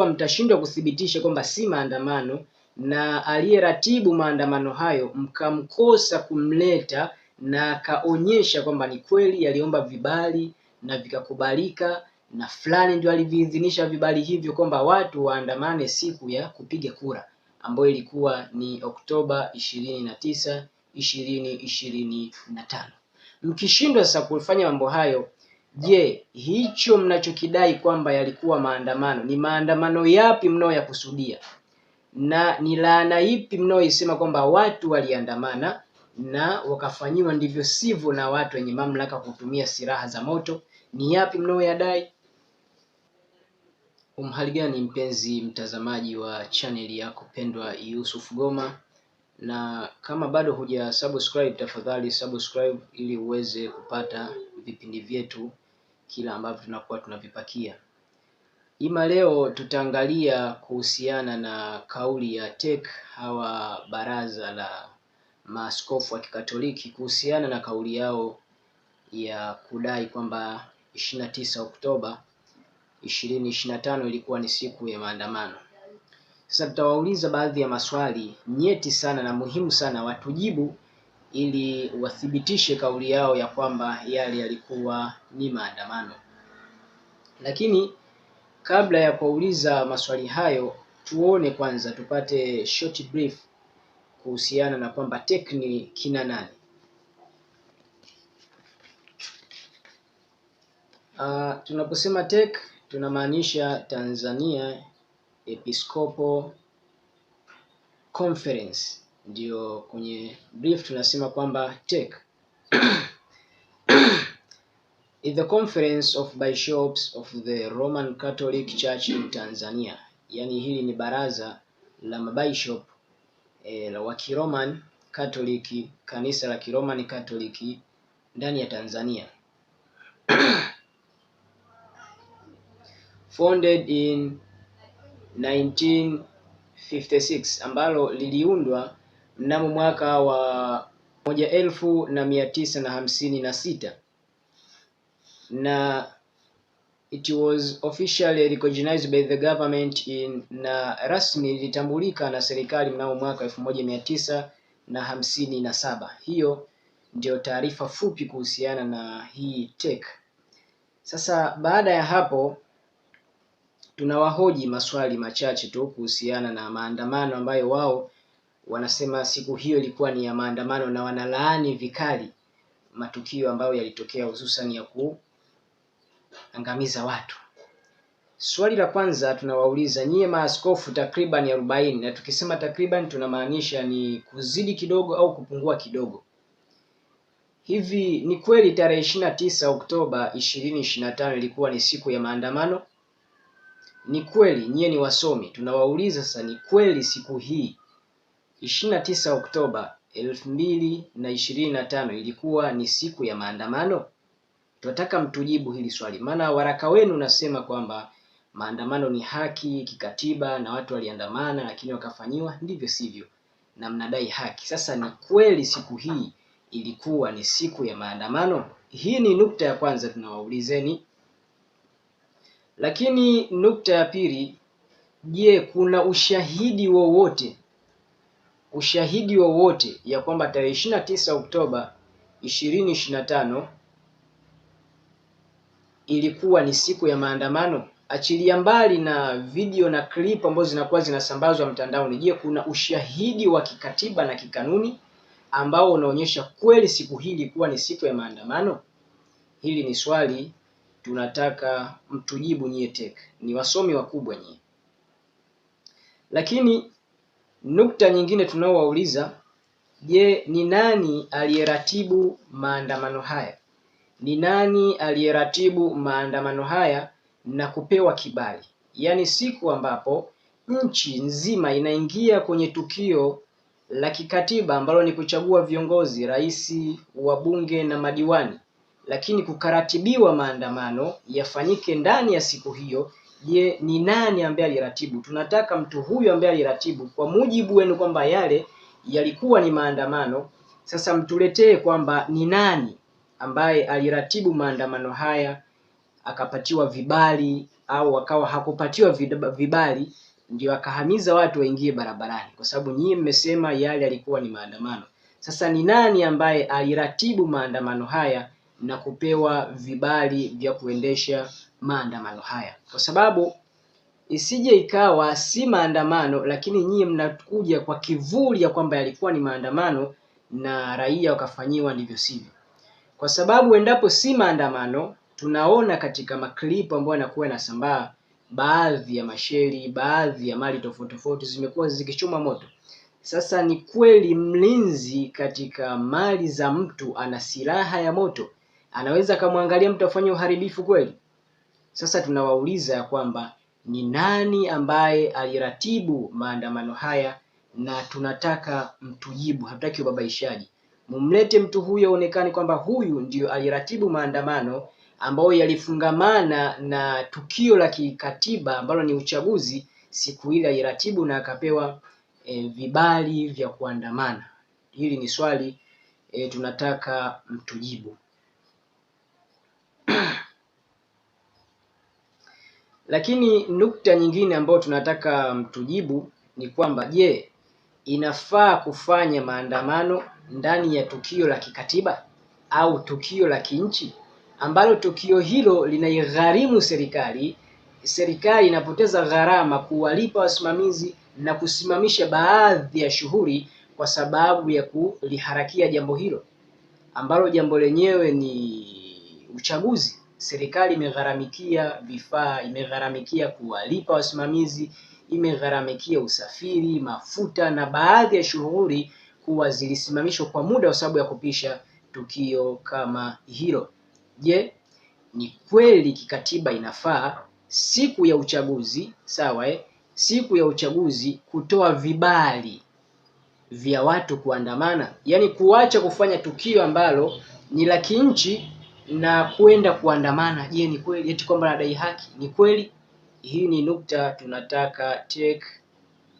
ikiwa mtashindwa kuthibitisha kwamba si maandamano na aliyeratibu maandamano hayo mkamkosa kumleta na akaonyesha kwamba ni kweli aliomba vibali na vikakubalika na fulani ndio aliviidhinisha vibali hivyo kwamba watu waandamane siku ya kupiga kura ambayo ilikuwa ni Oktoba ishirini na tisa ishirini ishirini na tano. Mkishindwa sasa kufanya mambo hayo Je, hicho mnachokidai kwamba yalikuwa maandamano ni maandamano yapi mnaoyakusudia, na ni laana ipi mnaoisema kwamba watu waliandamana na wakafanyiwa ndivyo sivyo na watu wenye mamlaka kutumia silaha za moto? Ni yapi mnaoyadai? Umhali gani mpenzi mtazamaji wa chaneli yako pendwa Yusuf Goma, na kama bado huja subscribe, tafadhali subscribe ili uweze kupata vipindi vyetu kila ambavyo tunakuwa tunavipakia. Ima leo tutaangalia kuhusiana na kauli ya TEC hawa baraza la maaskofu wa Kikatoliki kuhusiana na kauli yao ya kudai kwamba 29 Oktoba 2025 ilikuwa ni siku ya maandamano. Sasa tutawauliza baadhi ya maswali nyeti sana na muhimu sana, watujibu ili wathibitishe kauli yao ya kwamba yale yalikuwa ni maandamano. Lakini kabla ya kuuliza maswali hayo, tuone kwanza, tupate short brief kuhusiana na kwamba TEC ni kina nani? Uh, tunaposema TEC tunamaanisha Tanzania Episcopal Conference ndio kwenye brief tunasema kwamba tech in the conference of bishops of the Roman Catholic Church in Tanzania, yani hili ni baraza la mabishop e, la wa Kiroman Catholic, kanisa la Kiroman Catholic ndani ya Tanzania founded in 1956 ambalo liliundwa mnamo mwaka wa moja elfu na mia tisa na hamsini na sita na it was officially recognized by the government in, na rasmi ilitambulika na serikali mnamo mwaka elfu moja mia tisa na hamsini na saba. Hiyo ndio taarifa fupi kuhusiana na hii tech. Sasa baada ya hapo tunawahoji maswali machache tu kuhusiana na maandamano ambayo wao wanasema siku hiyo ilikuwa ni ya maandamano na wanalaani vikali matukio ambayo yalitokea hususan ya kuangamiza watu. Swali la kwanza tunawauliza nyie maaskofu takriban arobaini, na tukisema takriban tunamaanisha ni kuzidi kidogo au kupungua kidogo. Hivi ni kweli tarehe ishirini na tisa Oktoba ishirini ishirini na tano ilikuwa ni siku ya maandamano? Ni kweli? Nyie ni wasomi, tunawauliza sasa, ni kweli siku hii 29 Oktoba 2025 ilikuwa ni siku ya maandamano? Tunataka mtujibu hili swali, maana waraka wenu unasema kwamba maandamano ni haki kikatiba na watu waliandamana, lakini wakafanyiwa ndivyo sivyo, na mnadai haki. Sasa ni kweli siku hii ilikuwa ni siku ya maandamano? Hii ni nukta ya kwanza tunawaulizeni. Lakini nukta ya pili, je, kuna ushahidi wowote ushahidi wowote ya kwamba tarehe 29 Oktoba 2025 ilikuwa ni siku ya maandamano, achilia mbali na video na clip ambazo zinakuwa zinasambazwa mtandaoni. Je, kuna ushahidi wa kikatiba na kikanuni ambao unaonyesha kweli siku hii ilikuwa ni siku ya maandamano? Hili ni swali tunataka mtujibu nyie TEC, ni wasomi wakubwa nyie. Lakini Nukta nyingine tunaowauliza, je, ni nani aliyeratibu maandamano haya? Ni nani aliyeratibu maandamano haya na kupewa kibali? Yaani siku ambapo nchi nzima inaingia kwenye tukio la kikatiba ambalo ni kuchagua viongozi, rais, wabunge na madiwani, lakini kukaratibiwa maandamano yafanyike ndani ya siku hiyo je, ni nani ambaye aliratibu? Tunataka mtu huyu ambaye aliratibu, kwa mujibu wenu kwamba yale yalikuwa ni maandamano. Sasa mtuletee kwamba ni nani ambaye aliratibu maandamano haya akapatiwa vibali au akawa hakupatiwa vibali ndio akahamiza watu waingie barabarani, kwa sababu nyinyi mmesema yale yalikuwa ni maandamano. Sasa ni nani ambaye aliratibu maandamano haya na kupewa vibali vya kuendesha maandamano haya, kwa sababu isije ikawa si maandamano, lakini nyinyi mnakuja kwa kivuli ya kwamba yalikuwa ni maandamano na raia wakafanyiwa ndivyo sivyo, kwa sababu endapo si maandamano, tunaona katika maklipu ambayo yanakuwa yanasambaa, baadhi ya masheri, baadhi ya mali tofauti tofauti zimekuwa zikichoma moto. Sasa ni kweli mlinzi katika mali za mtu ana silaha ya moto, anaweza akamwangalia mtu afanye uharibifu kweli? Sasa tunawauliza ya kwamba ni nani ambaye aliratibu maandamano haya, na tunataka mtujibu, hatutaki ubabaishaji. Mumlete mtu huyo aonekane kwamba huyu ndiyo aliratibu maandamano ambayo yalifungamana na tukio la kikatiba ambalo ni uchaguzi. Siku ile aliratibu na akapewa e, vibali vya kuandamana. Hili ni swali e, tunataka mtujibu. Lakini nukta nyingine ambayo tunataka mtujibu mm, ni kwamba je, inafaa kufanya maandamano ndani ya tukio la kikatiba au tukio la kinchi ambalo tukio hilo linaigharimu serikali, serikali inapoteza gharama kuwalipa wasimamizi na kusimamisha baadhi ya shughuli kwa sababu ya kuliharakia jambo hilo ambalo jambo lenyewe ni uchaguzi serikali imegharamikia vifaa, imegharamikia kuwalipa wasimamizi, imegharamikia usafiri, mafuta na baadhi ya shughuli kuwa zilisimamishwa kwa muda kwa sababu ya kupisha tukio kama hilo. Je, ni kweli kikatiba inafaa siku ya uchaguzi sawa, eh? Siku ya uchaguzi kutoa vibali vya watu kuandamana, yaani kuacha kufanya tukio ambalo ni la kinchi na kwenda kuandamana. Je, ni kweli eti kwamba anadai haki? Ni kweli? Hii ni nukta tunataka TEC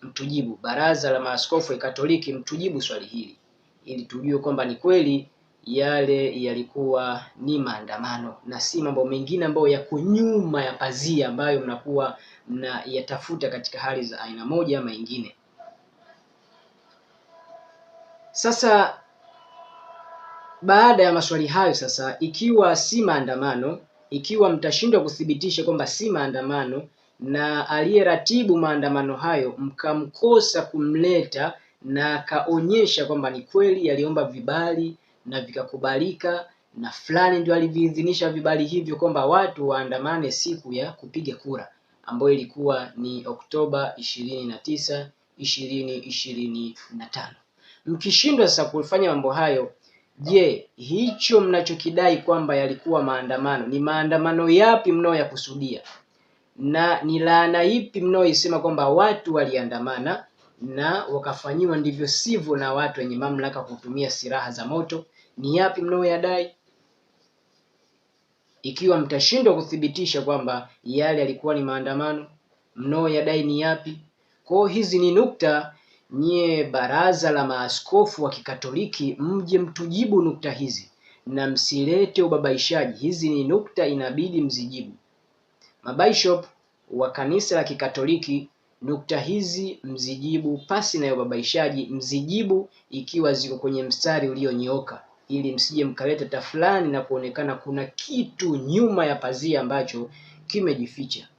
mtujibu, baraza la maaskofu ya Katoliki mtujibu swali hili ili tujue kwamba ni kweli yale yalikuwa ni maandamano na si mambo mengine ambayo yako nyuma ya pazia ambayo mnakuwa mnayatafuta katika hali za aina moja ama nyingine. Sasa baada ya maswali hayo sasa, ikiwa si maandamano, ikiwa mtashindwa kuthibitisha kwamba si maandamano na aliyeratibu maandamano hayo mkamkosa kumleta na akaonyesha kwamba ni kweli aliomba vibali na vikakubalika na fulani ndio aliviidhinisha vibali hivyo kwamba watu waandamane siku ya kupiga kura ambayo ilikuwa ni Oktoba ishirini na tisa ishirini ishirini na tano. Mkishindwa sasa kufanya mambo hayo Je, hicho mnachokidai kwamba yalikuwa maandamano ni maandamano yapi mnaoyakusudia na ni laana ipi mnaoisema kwamba watu waliandamana na wakafanyiwa ndivyo sivyo na watu wenye mamlaka kutumia silaha za moto? Ni yapi mnaoyadai Ikiwa mtashindwa kuthibitisha kwamba yale yalikuwa ni maandamano, mnaoyadai ni yapi? Kwa hizi ni nukta nyie baraza la maaskofu wa Kikatoliki mje mtujibu nukta hizi na msilete ubabaishaji. Hizi ni nukta inabidi mzijibu. Mabishop wa kanisa la Kikatoliki, nukta hizi mzijibu pasi na ubabaishaji, mzijibu ikiwa ziko kwenye mstari ulionyooka, ili msije mkaleta tafulani na kuonekana kuna kitu nyuma ya pazia ambacho kimejificha.